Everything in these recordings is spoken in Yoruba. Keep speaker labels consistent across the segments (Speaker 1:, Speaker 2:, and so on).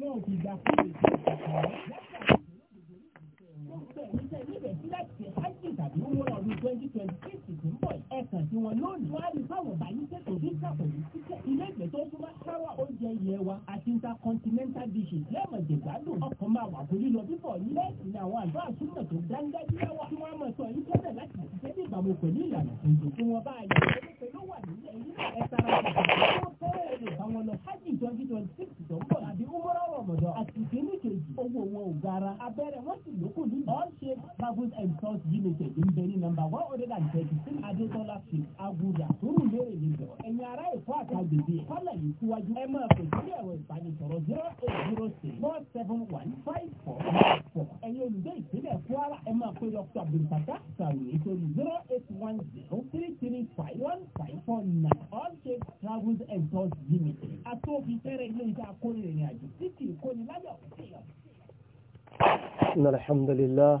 Speaker 1: wọn ò ti gbà fún èdè ìgbàgbọ́ tàbí owó ọdún twenty twenty six tó ń bọ̀ ẹ̀sán tí wọ́n lónìí wọ́n á rí fáwọn báyìí tètò ní sàkóso títẹ̀ ilé ìgbẹ́ tó tún máa sáwà oúnjẹ ilé wa àti intercontinental dishes lẹ́ẹ̀mọ̀jẹ̀ gbádùn ọkàn máa wà fún lílọ bíbọ̀ ní lẹ́ẹ̀sì ni àwọn àlọ́ àtúntò tó dáńdájú lẹ́wà tí wọ́n á mọ̀ sọ yìí tẹ́lẹ̀ láti ṣiṣẹ́ ní ìbámu pẹ̀lú ìlànà tuntun tí wọ́n bá yẹ ẹ̀ẹ́dẹ́gbẹ̀ ló wà nílẹ̀ ẹ̀ẹ́dẹ́gbẹ̀ ẹ̀ẹ́dẹ́gbẹ̀ Heavens and South Limited ń bẹ ní nọ́mbà one hundred and thirty six Adétọ́lá Street, Abuja, Sùúrù Lérè ní Ìjọ. Ẹ̀yin ará Èkó àtàgbègbè kọ́lá yìí síwájú. Ẹ máa pè sí ẹ̀rọ ìbánisọ̀rọ̀ zero eight zero six four seven one five four nine four. Ẹ̀yin olùgbé ìpínlẹ̀ Kwara ẹ máa pè Dr. Abdulkata Sàwé sórí zero eight one zero three three five one five four nine. All Shapes Travels and Tours Limited. Atóbi fẹ́rẹ̀ ilé iṣẹ́ akóni ìrìn àjò. Títì ìkóni láyọ̀ sí ọ̀.
Speaker 2: Alhamdulillah.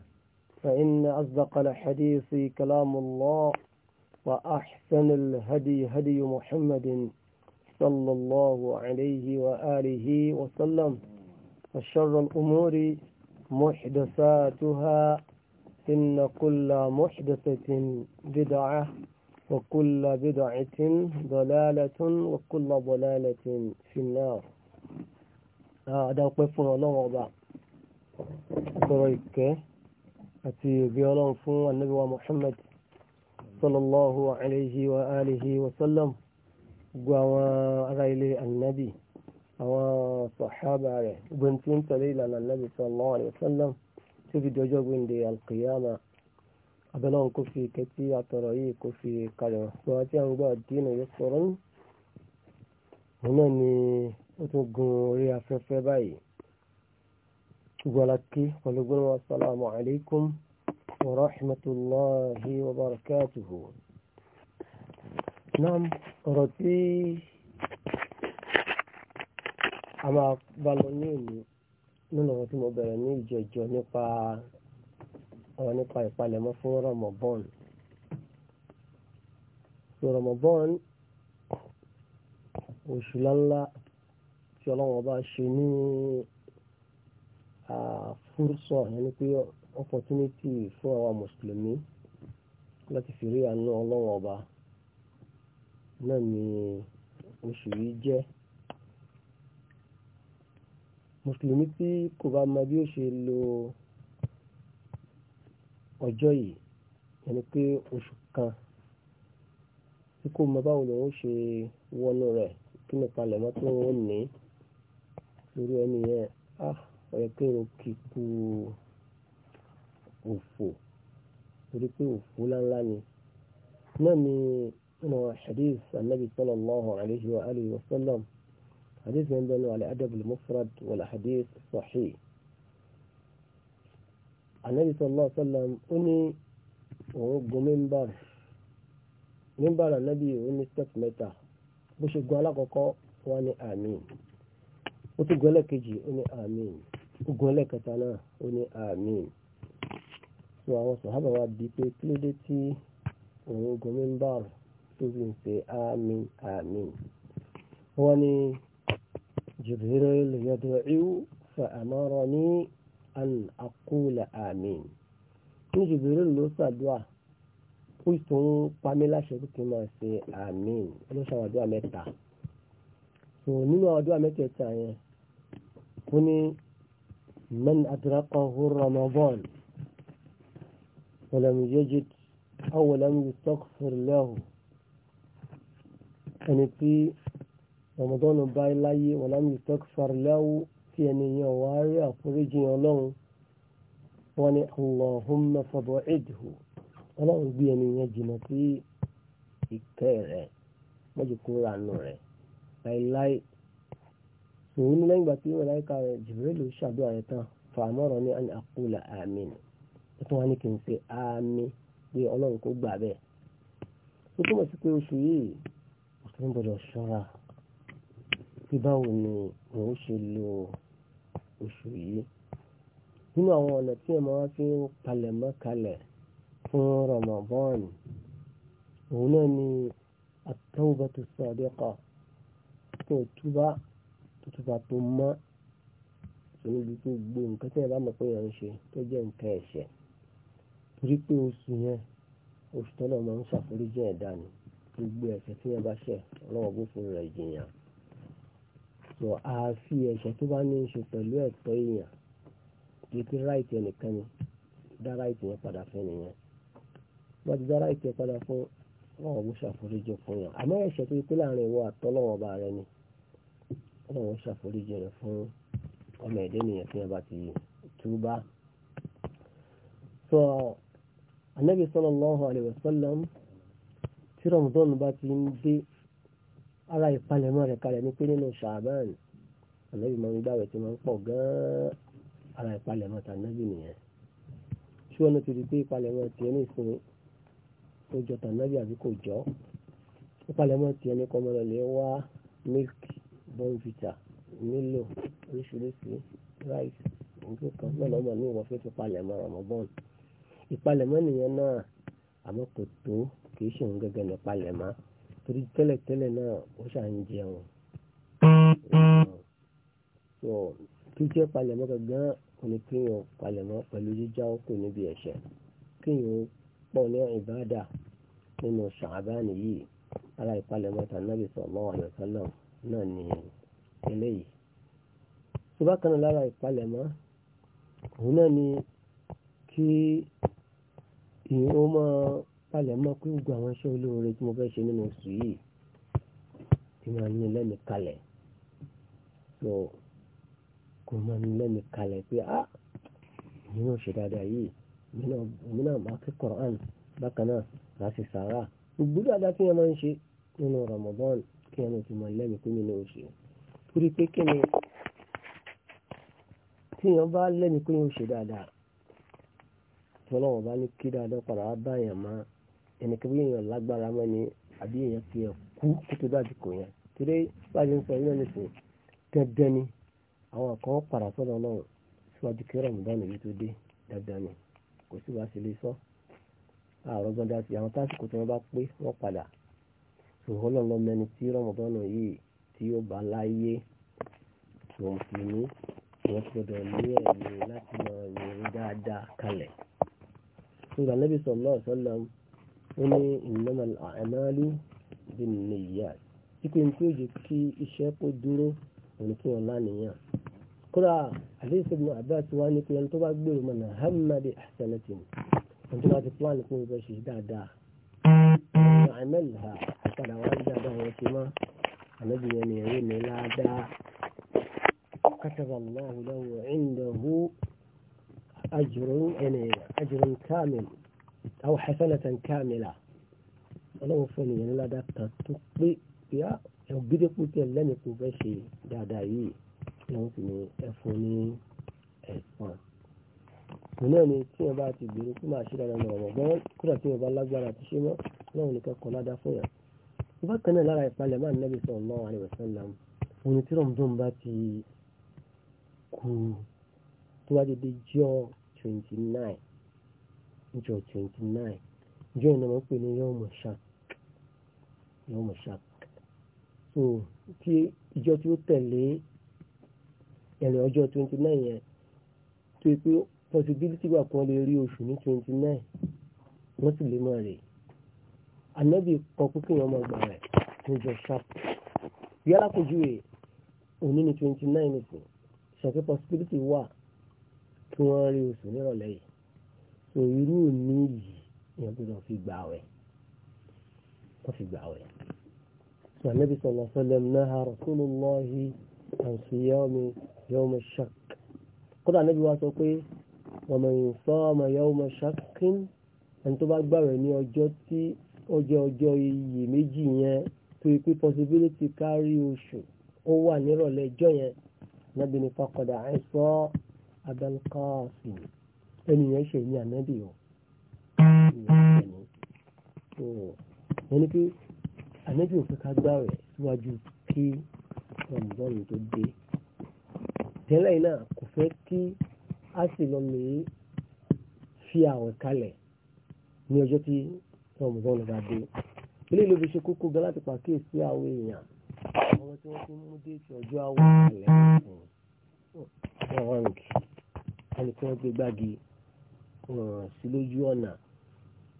Speaker 2: فإن أصدق الحديث كلام الله وأحسن الهدي هدي محمد صلى الله عليه وآله وسلم وشر الأمور محدثاتها إن كل محدثة بدعة وكل بدعة ضلالة وكل ضلالة في النار هذا آه وقف الله وضع àti òbí ọlọ́run fún ànábì wa Muhammad sallallahu alayhi wa alihi wa sallam gbogbo àwọn ará ilé ànábì àwọn sàhábà rẹ̀ gbogbo tí ń tẹ̀lé ìlànà ànábì sallallahu alayhi wa sallam tó fi dọjọ́ gbòǹde alqiyama abẹ́lọ́run kò fi kẹ́tí àtọ̀rọ̀ yìí kò fi kalẹ̀ wọn sọ àti àwọn gbọ́ àdínà yóò sọ̀rọ̀ òun náà ni ó tún gun orí afẹ́fẹ́ báyìí gbọ́láké pẹ̀lú gbọ́lọ́wọ́ assalamu alaikum wa rahmatullahi wa barakatuhu náà ọ̀rọ̀ tí a máa bá lọ ní èlú nínú ọ̀rọ̀ tí mo bẹ̀rẹ̀ ní ìjẹjọ nípa ọ̀rọ̀ nípa ìpalẹ̀mọ́ fún Ramadan Ramadan oṣù láńlá tí ọlọ́wọ́ bá ṣe ní fúrúsọ yẹn ni pé opportunity fún àwọn mùsùlùmí láti fi rí àánú ọlọ́wọ́n ọba náà ni oṣù yìí jẹ́ mùsùlùmí tí kò bá mọ bí ó ṣe lo ọjọ́ yìí ẹni pé oṣù kan tí kò mọ báwo lòun ṣe wọnú rẹ̀ kí nípa lẹ̀mọ́ tó ń ní lórí ẹni yẹn ah! ọ̀yẹ́ kí n kì kú òfò torí pé òfò láńlá ni náà ni nínú hadith anabi sallallahu alayhi wa alihi wa sallam hadith yẹn bẹ́ẹ̀ ni wàlẹ̀ adabul mufrad wàlẹ̀ hadith sahih anabi sallallahu alayhi wa sallam ó ní òun gun mímbàr mímbàr anabi òun ní step mẹ́ta bó ṣe gun alákọ̀ọ́kọ́ wọn ni àmín ó tún gun ẹlẹ́kejì ó ní àmín ogun ẹlẹ́kẹta náà ó ní àmì so àwọn sàhábà wa di pé kí ló dé tí òun ogun mímbàr tó fi ń pe àmì àmì wọ́n ní Jibril yad'u fa amarani an aqula àmì ní Jibril ló ṣàdúà ó sì ń pamí láṣẹ pé kí n máa ṣe àmì ọlọ́ṣàwọn mẹ́ta so nínú àwọn mẹ́tẹ̀ẹ̀ta yẹn ó ní. من أدركه رمضان ولم يجد أو لم يستغفر له أن في رمضان باي لاي ولم يستغفر له في أن يواري أفرج يولون وأن اللهم فضعده ولا أبي أن يجن في إكتير مجكور عنه لاي لاي òun ní lẹ́yìn ìgbà tí màláìka rẹ̀ jìbìrìlù ṣàdúrà rẹ̀ tán fàmọ́rọ̀ ní an aqula àmín ó tún wá ní kí n ṣe àmín pé ọlọ́run kò gbà bẹ́ẹ̀ ó túmọ̀ sí pé oṣù yìí òṣèlú gbọ́dọ̀ ṣọ́ra pé báwo ni òun ṣe lo oṣù yìí nínú àwọn ọ̀nà tí ẹ̀mọ́ wá fi ń palẹ̀mọ́ kalẹ̀ fún ni òun náà ni at-tawbatu sadiqa tó túbà tó mọ́ níbi tó gbó nǹkan tí yẹn bá mọ̀ pé yẹn ń ṣe tó jẹ́ nǹkan ẹ̀ṣẹ̀ torí pé oṣù yẹn oṣù tọ́lọ̀ máa ń ṣàforíjì ẹ̀dá ni gbogbo ẹ̀ṣẹ̀ tí yẹn bá ṣẹ̀ ọlọ́wọ́ bó fún rẹ̀ jìyàn sọ àfi ẹ̀ṣẹ̀ tó bá ní í ṣe pẹ̀lú ẹ̀tọ́ èèyàn kìí pín ráìtì ẹnìkan ni dá ráìtì yẹn padà fún nìyẹn wọ́n ti dá ráìtì yẹn padà fún ọlọ́wọ́ bó ṣàforíjì fún yàn àmọ́ ẹ̀ṣẹ̀ tó yẹ pé láàrin ìwọ àtọ́lọ́wọ́ ọba rẹ ni ọlọ́run ṣàforíjì rẹ̀ fún ọmọ ẹ̀dẹ́ nìyẹn tí wọ́n bá ti túbá. sọ anabi sallallahu alayhi wa sallam tí ramadan bá ti ń dé ara ìpalẹ̀mọ́ rẹ̀ kalẹ̀ ní pé nínú ṣàbán anabi máa ń gbàwẹ̀ tí máa ń pọ̀ gan-an ara ìpalẹ̀mọ́ ta anabi nìyẹn ṣé wọn ti rí pé ìpalẹ̀mọ́ tiẹ̀ ní ìsìn ó jọ tànábì àbí kò jọ ìpalẹ̀mọ́ tiẹ̀ ní kọ́mọ́lọ́lẹ́ wá mílíkì bọ́ǹfìtà nílò oríṣiríṣi ráìsì nǹkan kan náà lọ́mọ ní ìwọ̀n fẹ́ fi palẹ̀mọ́ rọ̀mọ́bọ́n ìpalẹ̀mọ́ nìyẹn náà àmọ́ kò tó kì í ṣòun gẹ́gẹ́ ní palẹ̀mọ́ torí tẹ́lẹ̀tẹ́lẹ̀ náà ó ṣà ń jẹun so jíjẹ́ palẹ̀mọ́ gangan kò ní kí yàn palẹ̀mọ́ pẹ̀lú jíjá kò níbi ẹ̀ṣẹ̀ kí yàn pọ̀ ní ìbáàdà nínú ṣàbáàní yìí ara ìpalẹ̀mọ́ tànàbì sallallahu alaihi wasallam náà ni eléyìí tó bá kan lára ìpalẹ̀mọ́ òun náà ni kí ìyẹn ó máa palẹ̀mọ́ pé gbogbo àwọn iṣẹ́ olóore tí mo fẹ́ ṣe nínú oṣù yìí tí máa ní lẹ́nu kalẹ̀ so kò máa ní lẹ́nu kalẹ̀ pé ah èmi náà ṣe dáadáa yìí èmi náà máa kẹ́kọ̀ọ́ àn bákan náà láti sàárà gbogbo dáadáa tí wọ́n máa ń ṣe nínú Ramadan kí ẹnu ti mọ̀ lẹ́mìí pé mi ní oṣù torí pé kí ni tí èèyàn bá lẹ́mìí pé yóò ṣe dáadáa tí ọlọ́run bá ní kí dáadáa padà wá bá èèyàn mọ́ ẹnì kí èèyàn lágbára mọ́ ni àbí èèyàn fi hàn kú kó tó dájú kò yẹn torí báyìí ń sọ ilé nìsín dandan ni àwọn kan padà sọ́dọ̀ ọlọ́run síwájú kí rọ̀mùdánù yìí tó dé dandan ni kò sí wàá sí ilé sọ́ àrọ́gbọ́n dá sí àwọn tásìkò tí wọ́n bá pé wọ́n padà sòhólà lọ́mẹni tí rọmọdọ́nà yìí tí ó bá láyé tó ń fi ní wọ́n gbọ́dọ̀ ní ẹ̀mí láti máa rìn dáadáa kalẹ̀. nígbà níbi sọ̀lọ́ ọ̀sọ́lá ó ní ìnáwó àmàlú bí nìyà pípé tí ó jẹ́ kí iṣẹ́ kó dúró òun kí wọ́n lánìyàn. kódà àdéhùn ibn Abbas wá ní pé ẹni tó bá gbèrò mọ̀nà hamadi ahsanatin ẹni tó bá ti pílánì kó o dáadáa padà wá dáadáa àwọn ṣe mọ́ ànábì yẹn ni ẹ̀rí mi ládàá kátàbà Allahu lahu indahu ajrun ẹni ajrun kamil aw hasanatan kamila ọlọ́run fún ẹni yẹn ládàá kan tó pé bíá ẹ̀gbẹ́dẹ́kù tẹ̀ lẹ́nu kò fẹ́ ṣe dáadáa yìí lọ́wọ́ sì ni ẹ̀fọn ní ẹ̀fọn náà ni tí wọn bá ti gbèrú kí máa ṣe dáadáa ní ọmọ gbọ́n kúrò tí wọn bá lágbára àti ṣe mọ́ náà nìkan kọ́ ládàá fún yàrá bákan náà lára ìpalẹ̀mọ́ ànábì sallallahu alaihi wasallam òní tí rọ̀mùdún bá ti kú tó bá dédé jọ́ twenty nine jọ́ twenty nine jọ́ ìnáwó pè ní yọ́ọ̀mù ṣak yọ́ọ̀mù ṣak so tí ìjọ tí ó tẹ̀lé ẹ̀rìn ọjọ́ 29 nine yẹn tó yẹ pé possibility wà kí wọ́n lè rí oṣù ní twenty wọ́n sì lè máa rèé ànábì kọ pípé ọmọ ọgbà rẹ̀ níjọ sharp bí alákòjúwe òní ní twenty nine nìkan ṣàpé possibility wà kí wọ́n rí oṣù nírọ̀lẹ́ yìí so irú òní yìí èèyàn gbọ́dọ̀ fi gbà wẹ̀ wọ́n fi gbà wẹ̀. so ànábì sallallahu alaihi wasallam naha rasulullahi an siyami yawm ash-shakk kódà ànábì wa sọ pé wa man sama yawm shakkin ẹni tó bá gbàwẹ̀ ní ọjọ́ tí ọjọ́ ọjọ́ iyì méjì yẹn tó yẹ pé possibility kárí oṣù ó wà nírọ̀lẹ́ ẹjọ́ yẹn nábì ní fakọ̀dà àìsọ́ abẹ́lkọ́ọ̀sì ẹnìyẹn ṣe ní ànábì o ẹni pé ànábì ò fẹ́ ká gbá rẹ̀ síwájú kí rọ̀mùbọ́ọ̀lù tó dé tẹ́lẹ̀ náà kò fẹ́ kí a sì lọ lè fi àwẹ̀ kalẹ̀ ní ọjọ́ tí rọmọdọ́nù bá dé ilé ìlú fi ṣe kókó gan láti pàkíyèsí àwọn èèyàn àwọn tí wọ́n ti mú déètì ọjọ́ àwọn ìrẹ̀lẹ̀ ọ̀hún ẹni tí wọ́n gbé gbági sí lójú ọ̀nà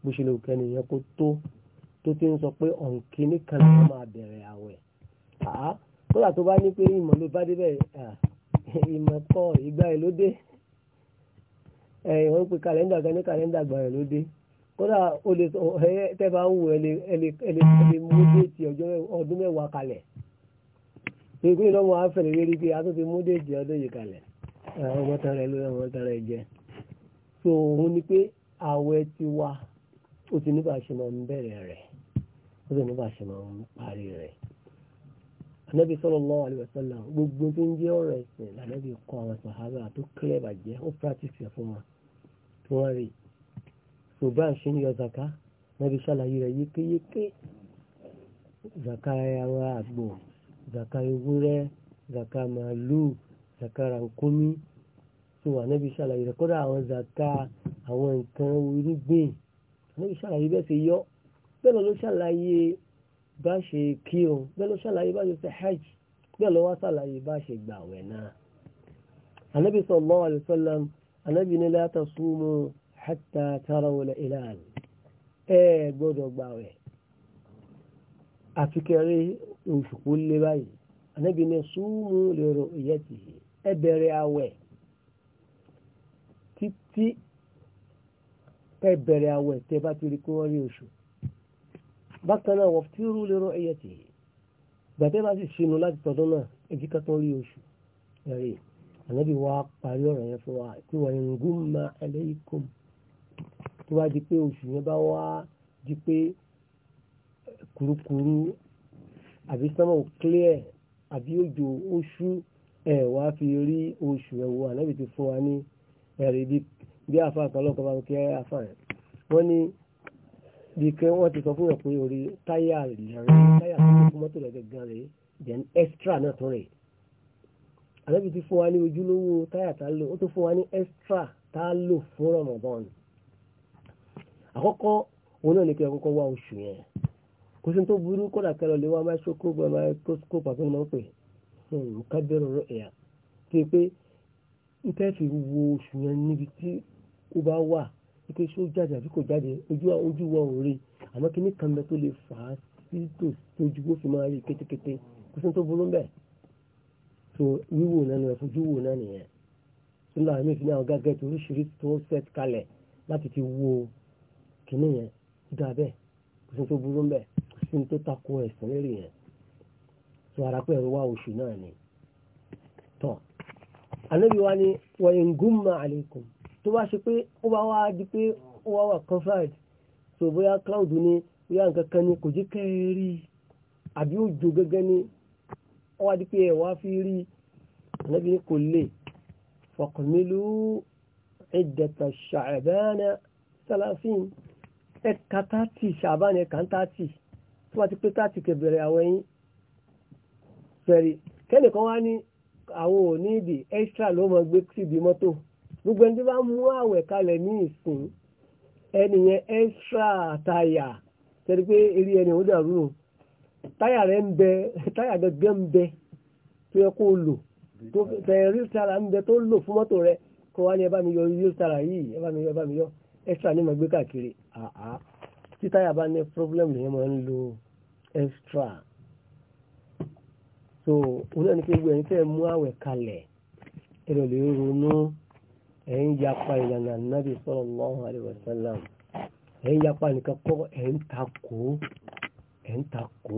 Speaker 2: bó ṣe lè kẹ́ni yẹn kó tó tó ti ń sọ pé ọ̀nkíní kan ló máa bẹ̀rẹ̀ àwẹ̀ kódà tó bá ní pé ìmọ̀ ló bá débẹ̀ ìmọ̀ kọ́ ìgbà ẹ̀ ló dé ẹ̀ wọ́n pe kàlẹ́ndà kan ní kàlẹ́ndà gbà ẹ̀ ló dé. kódà o lè tẹ́ bá wù ẹlẹ́ mú déètì ọdún mẹ́wàá kalẹ̀ pẹ̀lú ìlọ́mọ afẹ́lẹ̀ rí a tó ti mú déètì ọdún yìí kalẹ̀ ọmọ tẹ́rẹ ló ọmọ t'ara jẹ so òun ni pé àwẹ̀ ti wá ó ti níbà ṣe máa ń ti máa ń parí anabi gbogbo tó ń jẹ́ ọ̀rọ̀ kọ àwọn sàhábà tó ó ṣùgbọ́n àṣẹ ní yọ zaka nàbí ṣàlàyé rẹ̀ yékéyéké zaka àwọn àgbò zaka ewúrẹ́ zaka màálù zaka rànkómi tí wà nàbí ṣàlàyé rẹ̀ kódà àwọn zaka àwọn nǹkan irúgbìn nàbí ṣàlàyé bẹ́ẹ̀ ṣe yọ bẹ́ẹ̀ ló ṣàlàyé bá ṣe kírun bẹ́ẹ̀ ló ṣàlàyé bá ṣe ṣe hajj bẹ́ẹ̀ ló wá ṣàlàyé bá ṣe gbàwẹ̀ náà. Ànábì sallallahu alaihi hátà tààrà wọlé ìlànà ẹ gbọ́dọ̀ gbà rẹ̀ àfikẹ́rẹ́ oṣù kó lé báyìí anábì ní súnmù lérò ìyẹ́ ti ẹ bẹ̀rẹ̀ àwẹ̀ títí ẹ bẹ̀rẹ̀ àwẹ̀ tẹ bá ti rí kí wọ́n rí oṣù bákan náà wọ́n ti rú lérò ìyẹ́ ti gbàtẹ́ bá sì ṣinú láti tọdún náà ẹjí ká tó rí wa parí ọ̀rọ̀ yẹn fún wa tí wọ́n ń gún tó bá di pé oṣù yẹn bá wá di pé kurukuru àbí sánmọ̀ clear àbí òjò oṣù ẹ̀ wá fi rí oṣù ẹ̀ wò ànábì ti fún wa ní ẹ̀rí bí àfa kan lọ́kọ̀ bá ń kí àfa yẹn wọ́n ní bí kí wọ́n ti sọ fún yàn pé orí táyà rẹ̀ táyà tó kún mọ́tò rẹ̀ gẹ̀gẹ̀ rẹ̀ then extra náà tó rẹ̀ ànábì ti fún wa ní ojúlówó táyà tá lò ó tó fún wa ní extra tá lò fún Ramadan àkọ́kọ́ òun náà ní kí ẹ kọ́kọ́ wá oṣù yẹn kò sí tó burú kódà kẹlọ lè wá microscope microscope àti ọmọ pè nǹkan hmm, bẹ̀rù rẹ̀ ẹ̀yà tí pé ń tẹ́ fi wo oṣù yẹn níbi tí ó bá wà pé ṣó jáde àbí kò jáde ojú ojú wa àmọ́ kí ní kan bẹ tó lè fà á sí tòjú fi máa rí kétékété kó tó burú bẹ́ẹ̀ so wíwò náà ni ẹ̀fọ́jú wò náà nìyẹn nígbà míì fi ní àwọn gágẹ́tì oríṣiríṣi tó ń kìíní yẹn dá bẹ́ẹ̀ kò sí tó burú bẹ́ẹ̀ kò sí tó takò ẹ̀sìn lérí yẹn tó ara pé ẹ̀rọ wá oṣù náà ni tọ́ anábì wa ni wọ́n ń gún mọ́ àlékún tó bá ṣe pé ó bá wá di pé ó wá wà confide so bóyá cloud ni bóyá nǹkan ni kò jẹ́ kẹ́ẹ̀rí àbí òjò gẹ́gẹ́ ni ó wá di pé ẹ̀ wá fi rí anábì ni kò lè fọkànmílú ìdẹ̀tà ṣàbẹ́ẹ́nà sálàfíìn ẹ̀ka tààtì ṣàbáni ẹ̀ka tààtì tó bá ti pé tààtì kẹbẹ̀rẹ̀ àwọn ẹ̀yìn fẹ̀rẹ̀ kẹ́nìkan wá ní àwọn ò ní ìdí extra ló mọ gbé síbi mọ́tò gbogbo ẹni tí bá mú àwẹ̀ kalẹ̀ ní ìsìn ẹnìyẹn extra táyà tẹ́lẹ̀ pé eré ẹni ò dàrú nù táyà rẹ̀ ń bẹ táyà gẹ́gẹ́ ń bẹ tó yẹ kó lò tó tẹ̀ rí sára ń bẹ tó lò fún mọ́tò rẹ̀ kó wá ní ẹ bá mi yọ rí sára yìí ẹ bá mi yọ bá mi yọ extra ni ma gbé káàkiri àá tí táyà bá ní problem nìyẹn máa ń lo extra so òun náà ní pé gbogbo ẹni tẹ́ ẹ mú àwẹ̀ kalẹ̀ ẹ̀rọ lè ronú ẹ̀ ń yapa ìlànà nàbì sallallahu alaihi wasallam ẹ̀ ń yapa nìkan kọ́ ẹ̀ ń takò ẹ̀ ń takò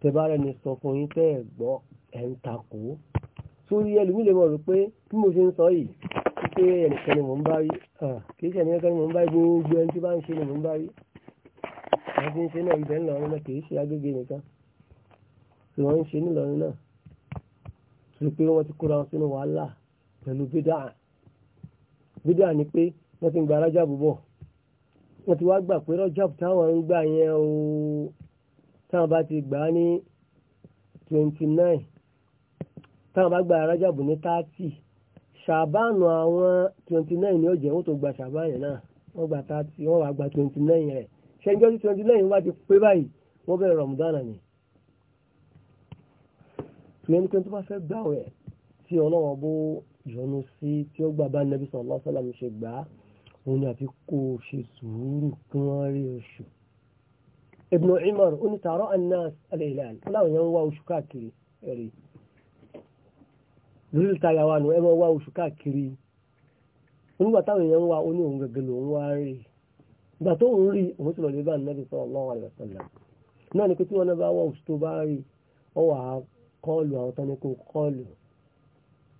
Speaker 2: tẹ bá rẹ̀ ní sọ fún yín tẹ́ ẹ̀ gbọ́ ẹ̀ ń takò sórí ẹlòmíì mọ̀ rò pé bí mo ṣe ń sọ yìí pé ẹnìkan ni mò ń bá rí kìí ṣe ẹnìkan ni mò ń bá rí gbogbo ẹni tí bá ń ṣe ni mò ń bá rí àwọn tí ń ṣe náà ibẹ̀ ńlọrin náà kìí ṣe agége nìkan tí wọ́n ń ṣe nílọrin náà tí pé wọ́n ti kóra wọn sínú wàhálà pẹ̀lú bídà bídà ni pé wọ́n ti ń gba arájàbù bọ̀ wọ́n ti wá gbà pé rọ́jàbù táwọn ń gbà yẹn o táwọn bá ti gbà ní twenty nine táwọn bá gba arájàbù ní thirty ṣàbánu àwọn twenty nine ni ó jẹ́ wọ́n tó gba ṣàbánu náà wọ́n gba thirty wọ́n wá gba twenty nine rẹ̀ ṣẹ́njọ́ tí twenty nine wá ti pé báyìí wọ́n bẹ̀rẹ̀ rọ̀mùdánà ni. tùyẹn ní pé tó bá fẹ́ gbà wẹ̀ tí ọlọ́wọ́ bó yọ́nú sí tí ó gbà bá nẹ́bí sallallahu alaihi wasallam ṣe gbà á òun ni àfi kó o ṣe sùúrù kí wọ́n rí oṣù. Ibn Umar onítàárọ̀ anas alẹ́ ìlànà lórí ìtayà wa nù ẹ mọ wá oṣù káàkiri nígbà táwọn èèyàn ń wa ó ní òun gẹ́gẹ́ lòun wá rí ìgbà tó ń rí òun sì lọ́dẹ̀ bá nàbì sallallahu alaihi wasallam náà ni pé tí wọ́n bá wá oṣù tó bá rí ọ wà á kọ́ọ̀lù àwọn tán ní kó kọ́ọ̀lù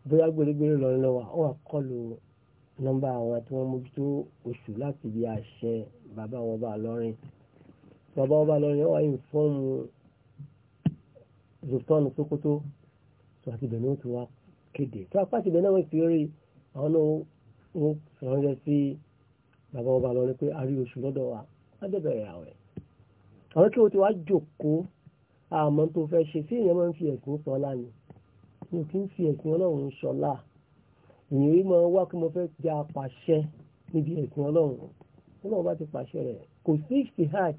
Speaker 2: bóyá gbèrègbèrè lọ́rin lọ́wọ́ ọ wà kọ́ọ̀lù nọ́mbà àwọn tí wọ́n mójútó oṣù láti bí àṣẹ bàbá wọn bá lọ́rin bàbá wọn bá lọ́rin ọ wà yìí fọ́ọ̀mù zòtọ́nù Sókótó àti bẹ̀rẹ̀ ó ti wá kéde tó apá ti bẹ̀ náà wọ́n ti rí àwọn náà wọ́n ránṣẹ́ sí bàbá ọba lọ ní pé a rí oṣù lọ́dọ̀ wa wọ́n dẹ̀ bẹ̀rẹ̀ àwẹ̀ àwọn kí wọ́n ti wá jókòó àmọ́ tó fẹ́ ṣe sí èèyàn máa ń fi ẹ̀sìn sọlá ni mo kì í fi ẹ̀sìn ọlọ́run sọlá èèyàn yìí máa wá kí mo fẹ́ ja pàṣẹ níbi ẹ̀sìn ọlọ́run ọlọ́run bá ti pàṣẹ rẹ̀ kò sí ìṣtihad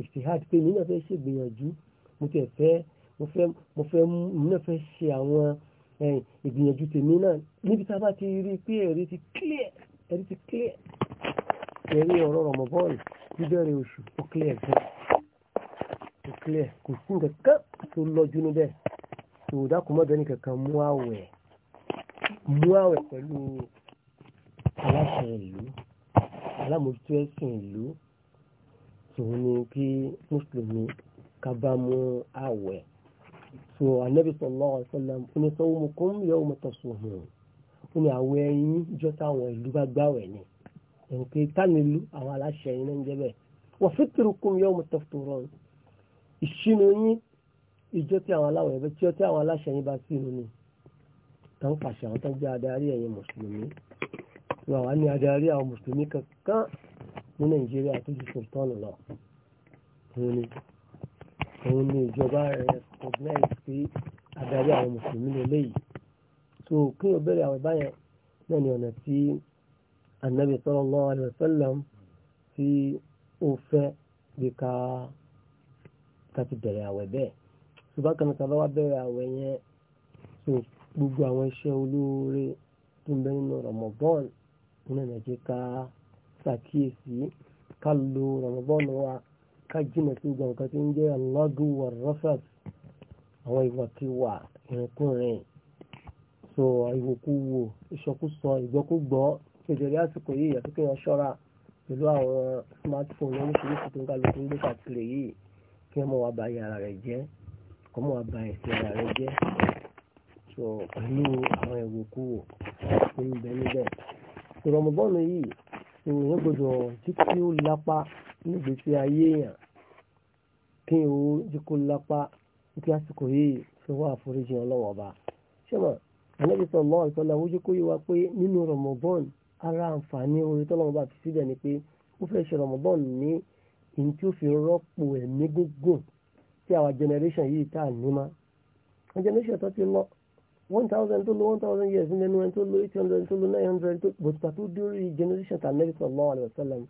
Speaker 2: ìṣtihad pé mi náà fẹ́ ṣègbìyànjú mo tẹ̀ fẹ́ mo fẹ́ mo fẹ́ mo náà fẹ́ ṣe àwọn ìgbìyànjú tèmi náà
Speaker 1: níbi tá a bá ti rí pé ẹ̀rí ti clear ẹ̀rí ti clear
Speaker 2: ẹ̀rí ọ̀rọ̀ rọ̀mọ̀bọ́ọ̀lù bíbẹ̀rẹ̀ oṣù ó clear gan ó clear kò sí nǹkan kan tó lọ́jú níbẹ̀ ìwòdà kò mọ́ bẹ́ẹ̀ nìkankan mú àwẹ̀ mú àwẹ̀ pẹ̀lú aláṣẹ ìlú alámòjútó ẹ̀sìn ìlú tòun ni kí mùsùlùmí ká bá mú àwẹ̀ so anabi sallallahu alaihi wasallam fún mi sọ́wọ́ mu kún yóò mu tọ̀ sùn hàn fún mi àwọn ẹyin jọ táwọn ìlú bá gbáwẹ̀ ni nǹkan tánilu àwọn aláṣẹ yìí náà ń jẹ́ wọ́n fi kún yóò mu tọ̀ sùn ìṣinú yín ìjọ tí àwọn aláwọ̀ ẹ̀bẹ̀ tí àwọn aláṣẹ yín bá sí ni tó pàṣẹ àwọn tó jẹ́ adarí ẹ̀yin mùsùlùmí tó àwọn ní adarí àwọn mùsùlùmí kankan ní nàìjíríà tó ju sultan lọ òun ni òun ni ìjọba rẹ̀ recognize pé adarí àwọn mùsùlùmí lélẹ́yìí so kí o bẹ̀rẹ̀ àwọn ìbáyẹn náà ni ọ̀nà tí anabi sallallahu alaihi wasallam tí ó fẹ́ bí ká láti bẹ̀rẹ̀ àwẹ̀ bẹ́ẹ̀ ṣùgbọ́n kan tàbá wá bẹ̀rẹ̀ àwẹ̀ yẹn so gbogbo àwọn iṣẹ́ olóore tó ń bẹ nínú Ramadan nínú ẹ̀jẹ̀ ká ṣàkíyèsí ká lo Ramadan wa ká jìnà sí gbọ̀ngàn tó ń jẹ́ alágùwà rafat àwọn ìwàkiwà ìrìnkúrìn so ìwòkúwò ìṣọkúsọ ìgbọ́kúgbọ́ ìjọba àsìkò yìí àti kí wọ́n ṣọ́ra pẹ̀lú àwọn smartphone oríṣiríṣi tó ń kálukú ń gbé káàkiri yìí kí wọ́n mọ̀ wá ba ara rẹ̀ jẹ́ kọ́ mọ̀ wá ba ẹ̀sìn ara rẹ̀ jẹ́ so pẹ̀lú àwọn ìwòkúwò tó ń bẹ níbẹ̀ ìrọ̀mọ̀bọ́nù yìí ìròyìn gbọdọ̀ tí kí ó lápá nígbèsí ayé èèyàn kí ó jí kó lápá kí àsìkò yìí fi wá àforíjì ọlọ́wọ́ bá ṣẹ́mọ̀ ànábì sallallahu alaihi wasallam ojú kó yé wa pé nínú Ramadan ara àǹfààní orí tọ́lọ́wọ́ bá fi síbẹ̀ ni pé ó fẹ́ ṣe Ramadan ní ìyí tí ó fi rọ́pò ẹ̀mí gúngùn tí àwa generation yìí tá a ní ma àwọn generation tó ti lọ one thousand tó lọ one thousand years nínú ẹni tó lọ eight hundred tó lọ nine hundred tó bòtútà tó dúró generation tà ànábì sallallahu alaihi wasallam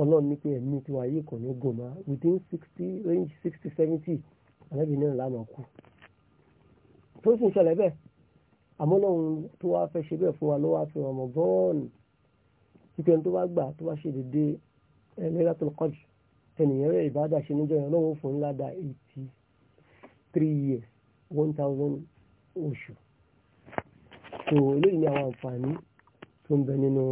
Speaker 2: ọlọ́run ní pé ẹ̀mí tiwa yìí kò ní gùn within sixty range sixty seventy àlẹ́bí náà lámà kú tó sì ń ṣẹlẹ̀ bẹ́ẹ̀ àmọ́ lọ́run tó wá fẹ́ ṣe bẹ́ẹ̀ fún wa ló wá fi ọmọ bọ́ọ̀lù títí ẹni tó bá gbà tó bá ṣe dédé ẹlẹ́gà tó kọ́jù ẹnìyàn rẹ̀ ìbádà ṣe níjọ́ yẹn lọ́wọ́ fún ńlá da eighty three years one thousand oṣù tó eléyìí ni àwọn àǹfààní tó ń bẹ nínú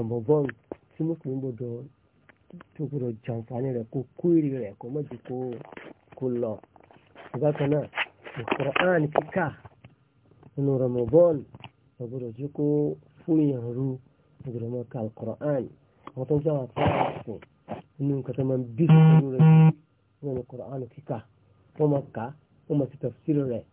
Speaker 2: ọmọ bọ́ọ̀lù tí mùsùlùmí gbọdọ̀ tó gbọdọ̀ jàǹfààní rẹ̀ kó kó èrè rẹ̀ kó mọ̀jì kó kó lọ. bákan náà Al-Qur'an kíkà nínú Ramadan ọgbọdọ̀ tí kó fún yàn rú ọgbọdọ̀ mọ́ ka Al-Qur'an àwọn tó ń jáwà fáwọn nínú nǹkan tó máa ń bí sùúrù rẹ̀ nínú Al-Qur'an kíkà wọ́n máa kà á wọ́n máa ti tafsir rẹ̀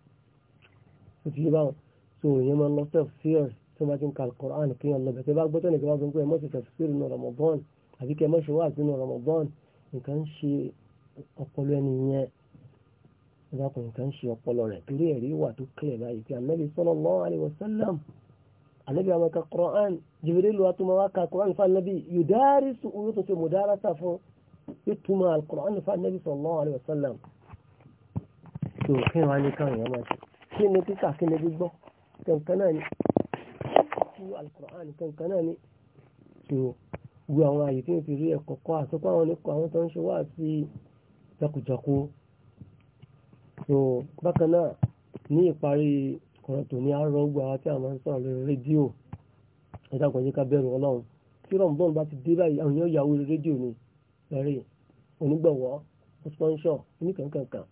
Speaker 2: ó ti yé báwọn so ìyẹn máa lọ tafsir rẹ̀ tó bá ti ń ka alukur'an kí wọn lọ bẹ̀ tẹ́ bá gbọ́tọ̀ nìkan bá gbọ́n pé ẹ mọ́ ti tafsir nù Ramadan àbí kẹ́ ẹ mọ́ ṣe wá sínú Ramadan nǹkan ṣe ọpọlọ ẹni yẹn ẹ̀dàkùn nǹkan ṣe ọpọlọ rẹ̀ torí ẹ̀rí wà tó kílẹ̀ báyìí pé anabi sallallahu alaihi wasallam anabi àwọn kan Qur'an Jibril wa tó wá ka Qur'an fún anabi yudarisu yóò kí ni kíkà kí ni gbígbọ́ kẹ̀kẹ́ náà ni alukur'an kankan náà ni tó gbé àwọn àyè tí wọ́n ti rí ẹ̀kọ́ kọ́ àsopọ̀ àwọn oníkọ́ àwọn tó ń ṣe wá sí jákujàku tó bákan náà ní ìparí ọ̀rọ̀ tòní àárọ̀ gbogbo àwọn tí a máa ń sọ̀rọ̀ lórí rédíò ẹ̀dá kan yíká bẹ̀rù ọlọ́run tí rọ̀mùbọ́n bá ti dé báyìí àwọn èèyàn yàwó rédíò ni ẹ̀rí onígbọ̀wọ́ sponsor oníkankankan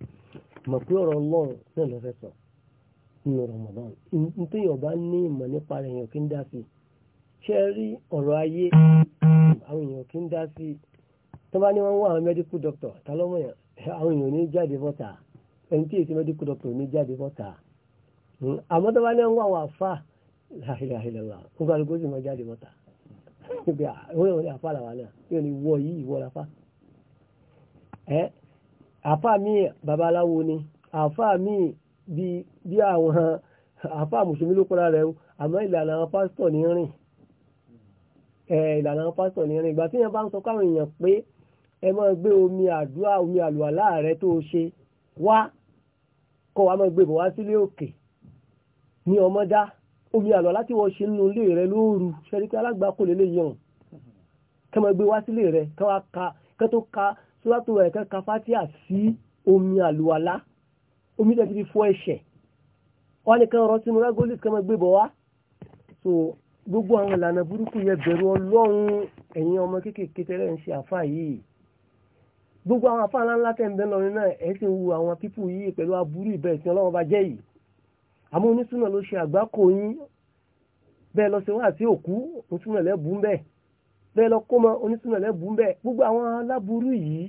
Speaker 2: mọ̀ pé ọ̀rọ̀ ọlọ́run náà lọ fẹ́ sọ nínú Ramadan nítorí ọba ní ìmọ̀ nípa rẹ̀ èèyàn kí ń dá sí i ṣe rí ọ̀rọ̀ ayé àwọn èèyàn kí ń dá sí i tó bá ní wọ́n wá àwọn medical doctor ta lọ́mọ yẹn àwọn èèyàn ní jáde bọ́ta ẹni tí èsì medical doctor ní jáde bọ́ta hmm. àmọ́ tó bá ní wọ́n wá àwọn àfa láhìláhìlá ó gbàdúrà kó sì mọ jáde bọ́ta níbi mi babaláwo ni àfa mi bíi bí àwọn àfa mùsùlùmí ló kọ́ra rẹ̀ o àmọ́ ìlànà àwọn pásítọ̀ ní rìn ìlànà àwọn pásítọ̀ ní rìn ìgbà tí yẹn bá ń sọ káwọn èèyàn pé ẹ máa gbé omi àdúrà omi àlùwàlá rẹ tó ṣe wá kọ́ wa máa gbé bọ̀ wá sílé òkè ní ọmọdá omi àlùwàlá tí wọ́n ṣe nínú ilé rẹ lóru ṣẹ́rí pé alágbà kò lè lè yàn kẹ́ máa gbé wá sílé rẹ kẹ́ tó ka sọ́dọ̀ tó ẹ̀kẹ́ ka fátíà sí omi àlùwàlá omi tẹ̀ ti fi fọ ẹ̀ṣẹ̀ wọ́n ní kan rọ́ọ̀tì múra gólì kan wá so gbogbo àwọn ìlànà burúkú yẹ bẹ̀rù ọlọ́run ẹ̀yin ọmọ kéékèèké tẹ́lẹ̀ ń ṣe àfà yìí gbogbo àwọn àfà ńláńlá tẹ̀ ń bẹ́ lọ́rin náà ẹ̀ sì ń wu àwọn pípù yìí pẹ̀lú aburú ìbẹ̀rẹ̀ tí ọlọ́run bá jẹ́ yìí àmọ́ onísùnà ló ṣe àgbákò yín bẹ́ẹ̀ lọ sí wá àti òkú onísùnà lẹ́bù ń bẹ̀ bẹ́ẹ̀ lọ kó mọ onísùnà lẹ́bù ń bẹ̀ gbogbo àwọn aláburú yìí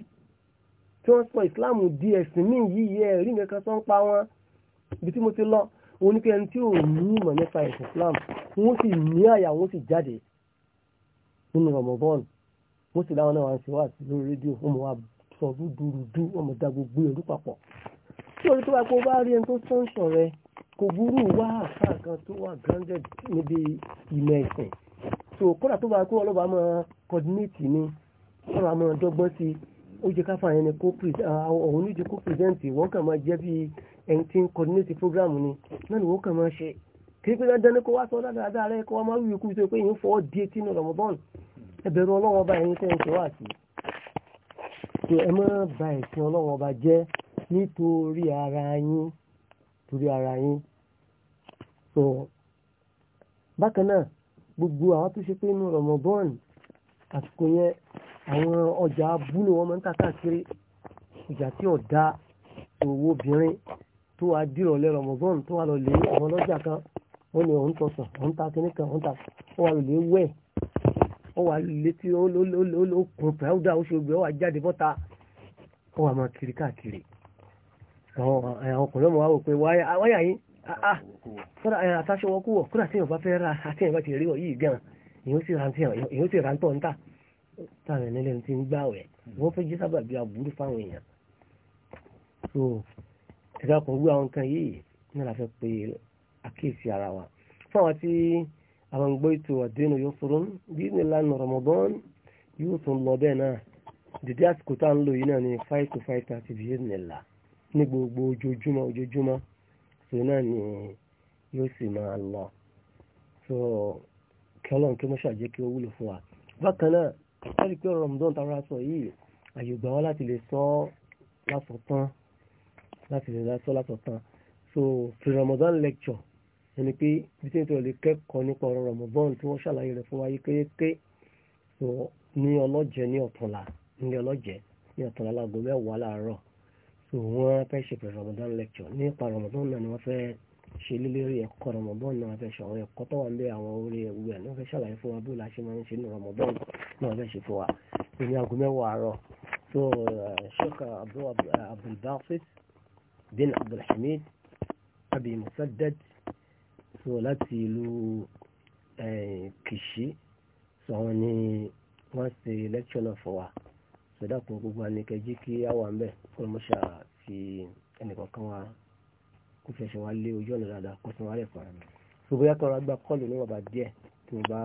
Speaker 2: tí wọ́n sọ ìsìláàmù di ẹ̀sìn míì yìí ẹ̀ rí nǹkan sọ ń pa wọn ibi tí mo ti lọ òun ní pé ẹni tí ò ní ìmọ̀ nípa ẹ̀sìn Islam wọ́n sì ní àyà wọ́n sì jáde nínú Ramadan wọ́n sì láwọn náà wá ń ṣe wá sí lórí rédíò wọ́n mọ̀ wá sọ dúdúrúdú wọ́n mọ̀ dá gbogbo ẹ̀rú papọ̀ tí orí tó bá kó bá rí ẹni tó sọ́ǹṣọ̀ rẹ kò burú wá àṣà kan tó wà grounded níbi ìmọ̀ ẹ̀sìn so kódà tó bá kó ọlọ́ba máa coordinate ni ọ̀rọ̀ àmọ́ dọ́gbọ́n sí ó jẹ́ káfà yẹn ni kó present àwọn oníjì kó present wọ́n kàn máa jẹ́ bíi ẹni tí ń coordinate program ni náà ni wọ́n kàn máa ṣe kìí pé dandan ni kó wá sọ dáadáa rẹ kó wá máa wíwí kú tó pé èyí ń fọwọ́ di etí ní Ramadan ẹbẹ̀rù Ọlọ́run ọba ẹ̀yin tẹ́ ń ṣe wá sí i ẹ má ba ẹ̀sìn Ọlọ́run ọba jẹ́ nítorí ara yín torí ara yín so bákan náà gbogbo àwọn tó ṣe pé inú Ramadan àsìkò yẹn àwọn ọjà abúlé wọn máa ń tà káàkiri ìjà tí ọ̀dà owó obìnrin tó wá dìrọ̀lẹ́ Ramadan tó wá lọ lè àwọn ọlọ́jà kan wọ́n ní òun tọ̀sán òun ta kínní kan òun ta ó wá lè wẹ̀ ó wá létí ó kún pẹ́ẹ́dà ó ṣe gbé ó wá jáde bọ́ta ó wá máa kiri káàkiri àwọn ọkùnrin ọmọ wa wò pé wáyà yín ah, ah, kódà eh, àtàṣe wọ́n kú wọ̀ kódà tí èèyàn bá fẹ́ ra àti èèyàn bá ti rí wọ̀ yìí gan èèyàn sì rántọ̀ ń tà táwọn ẹni lẹ́nu ti ń gbà wẹ̀ wọ́n fẹ́ jí sábà bí aburú fáwọn èèyàn ẹ̀dá kan gbé àwọn nǹkan yìí náà la fẹ́ pe àkíyèsí ara wa fún àwọn tí àwọn ń gbọ́ ètò àdéhùn yóò fọ́rọ́ bí ní lánàá Ramadan yóò tún lọ bẹ́ẹ̀ náà dìde àsìkò tá à ń lò yìí náà ní five to five thirty bíi eight nìlá ní gbogbo ojoojúmọ́ ojoojúmọ́ so náà ni yóò sì máa lọ so kí ọlọ́run kí wọ́n ṣàjẹ́ kí ó wúlò fún wa bákan náà wọ́n rí pé Ramadan tara sọ yìí àyè gbà wá láti lè dá sọ́lá tọ̀tàn so pre-Ramadan lecture ẹni pé bí tí nítorí lè kẹ́kọ̀ọ́ nípa ọ̀rọ̀ Ramadan tí wọ́n ṣàlàyé rẹ̀ fún wa yékéyéké so ní ọlọ́jẹ ní ọ̀túnla ní ọlọ́jẹ ní ọ̀túnla láago mẹ́wàá láàárọ̀ so wọ́n fẹ́ ṣe pre-Ramadan lecture nípa Ramadan náà ni wọ́n fẹ́ ṣe lélẹ́rí ẹ̀kọ́ Ramadan náà fẹ́ ṣe àwọn ẹ̀kọ́ tó wà ń bẹ àwọn orí ewu ẹ̀ náà fẹ́ ṣàlàyé fún wa bó la ṣe máa ń ṣe ní Ramadan náà fẹ́ ṣe fún wa ní aago mẹ́wàá àárọ̀ so ṣọ́kà uh, Abdul bin abdulhamid abi musaddad so láti ìlú kìṣí so àwọn ni wọ́n ṣe lecture náà fún wa so dákun gbogbo anìkẹ́jì kí á wà ń bẹ̀ fún mọ́ṣà ti ẹnìkọ̀ọ̀kan wa kó fẹsẹ̀ wá lé ojú ọ̀nà dáadáa kó sì wá fún wa so bóyá kan agbá kọ́ọ̀lù níwọ̀nba díẹ̀ tí mo bá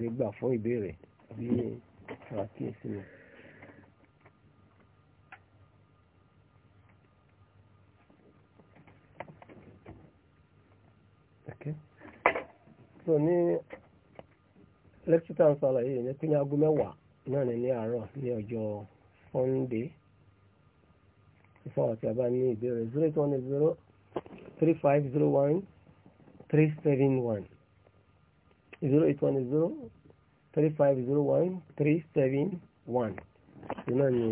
Speaker 2: rí gbà fún ìbéèrè bí ṣàkíyèsí mi. so ní lẹ́kítà ń sọ àlàyé yẹn pé ní aago mẹ́wàá náà ní ní àárọ̀ ní ọjọ́ fọ́ndé fún àti àbá ní ìbéèrè zero eight one zero three five zero one three seven one zero eight one zero three five zero one three seven one iná ni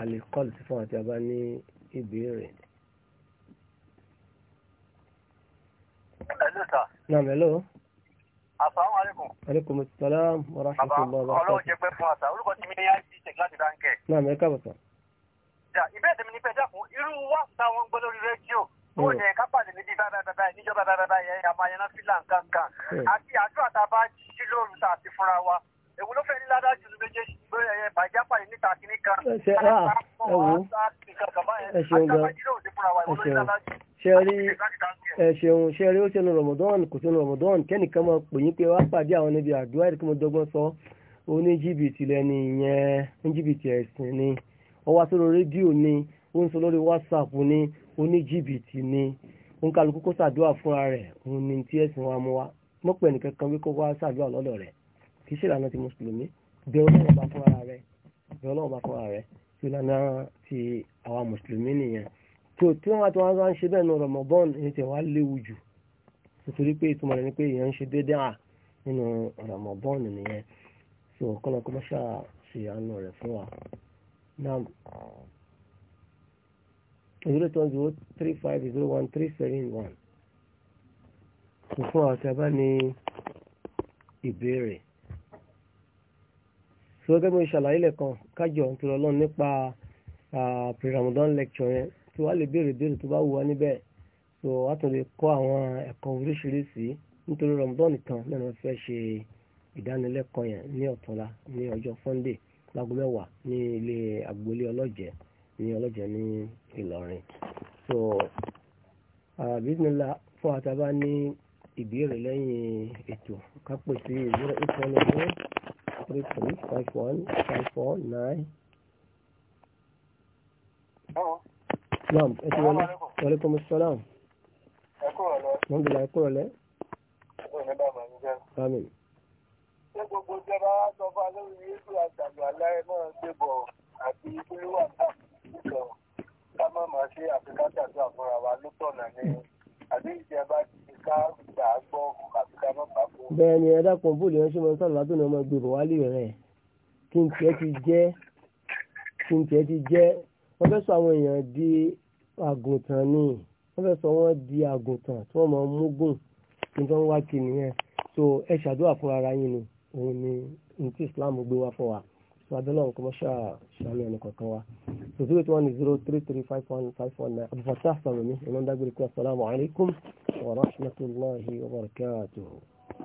Speaker 2: alikọ́lù sí fún àti àbá ní ìbéèrè. Hello, sir. Naam, hello. Assalamu alaikum. Aleykum assalam wa rahmatullahi wa barakatuh. Ọlọ́run jẹ́
Speaker 1: pé fún àṣà, orúkọ ti mi ní àìsí ṣe láti dáńkẹ̀. Naam, ẹ
Speaker 2: káàbọ̀ sọ. Ìjà ìbéèrè mi ni pé dákun,
Speaker 1: irú wà táwọn gbọ́ lórí rédíò tó yẹ ká pàdé níbi dáadáa níjọba
Speaker 2: dáadáa yẹn àmọ́ ayẹnà fílà nǹkan kan àti àdúrà tá a bá jí èwo ló fẹ́ ní ládàá jùlọ méjèèjì pé ẹ̀yẹ bàjápà yìí níta kìíní kan ṣe à ah, ẹ wò ó ẹ ṣeun gan ẹ ṣeun ṣe rí ẹ ṣeun ṣe rí ó ṣe nu rọmọdọ́ọ̀nù kò ṣe nu rọmọdọ́ọ̀nù kẹ́nìkan máa pè yín pé wá pàdé àwọn níbi àdúrà ẹ̀rí kí mo dọ́gbọ́n sọ ó ní jìbìtì lẹ́ni ìyẹn ní jìbìtì ẹ̀sìn ni ó wá sórí rédíò ni ó ń sọ lórí whatsapp ni ó ní jìbìtì ni ó ń kálukú kó ṣàdúrà fúnra rẹ̀ òun ni tí ẹ̀sìn wa mú wa mọ́pẹ́ nìkan kan wí kó wá ṣàdúrà lọ́dọ̀ rẹ̀ kì í ṣe ìlànà ti mùsùlùmí bí ọlọ́run bá fún ara rẹ bí ọlọ́run bá fún ara rẹ tí ìlànà ti àwa mùsùlùmí nìyẹn tó tí wọ́n wá tí wọ́n wá ń ṣe bẹ́ẹ̀ nu Ramadan ní tiẹ̀ wá léwu jù nítorí pé ìtumọ̀ rẹ̀ ni pé èèyàn ń ṣe déédé à nínú Ramadan nìyẹn tó kọ́nà kó má ṣáà ṣe àánú rẹ̀ fún wa. Naam zero two zero three five zero one three seven one. Kò fún àwọn tí a ní ìbéèrè so gẹ́gẹ́ bí ṣàlàyé lẹ́kan kájọ ń tọrọ lọ́n nípa pre-Ramadan lecture yẹn tí wàá lè béèrè béèrè tó bá wù wá níbẹ̀ so wàá tún lè kọ́ àwọn ẹ̀kọ́ oríṣiríṣi nítorí Ramadan kan náà wọ́n fẹ́ ṣe ìdánilẹ́kọ̀ọ́ yẹn ní ọ̀túnla ní ọjọ́ Sunday láago mẹ́wàá ní ilé agboolé ọlọ́jẹ̀ ní ọlọ́jẹ̀ ní Ìlọrin so bisimilah fún àtàbá ní ìbéèrè lẹ́yìn ètò kápẹ́ sí zero eight one three three five one five four nine. Hello. naam ẹ ti wọlé wàlẹ́kùn sọ́lám.
Speaker 1: ẹ kúrò lẹ. wọ́n
Speaker 2: bìlà ẹ kúrò lẹ. ọ̀rẹ́ bàbá mi jẹ́. àmín.
Speaker 1: ṣé gbogbo ìjọba wa sọ fún alẹ́ yìí ètò àṣàlù alẹ́ náà ṣe bọ̀ àti ìpínlẹ̀ wà náà ṣùgbọ́n ká má máa ṣe àfikátà sí àfúnra wa lótọ̀nà ní
Speaker 2: àdéhìí ìjẹba ti bẹ́ẹ̀ ni ẹ dákun bóòlù yẹn ṣe máa ń sọ̀rọ̀ látò ní ọmọ ìgbìmọ wálé rẹ̀ kí n tiẹ̀ ti jẹ́ kí n tiẹ̀ ti jẹ́ wọ́n fẹ́ sọ àwọn èèyàn di àgùntàn ni wọ́n fẹ́ sọ wọ́n di àgùntàn tí wọ́n máa ń múgùn ní tó ń wá kí nìyẹn so ẹ ṣàdúrà fún ara yín ni òun ni ní ti Islam gbé wá fún wa so adọ́lọ́ nǹkan mọ́ ṣáà ṣàánú ẹni kọ̀ọ̀kan wa so zero eight one zero three three five one five one nine abdulfatah salomi ìmọ̀ ń dágbére pé asalaamualeykum wa rahmatulahi wa barakatuhu.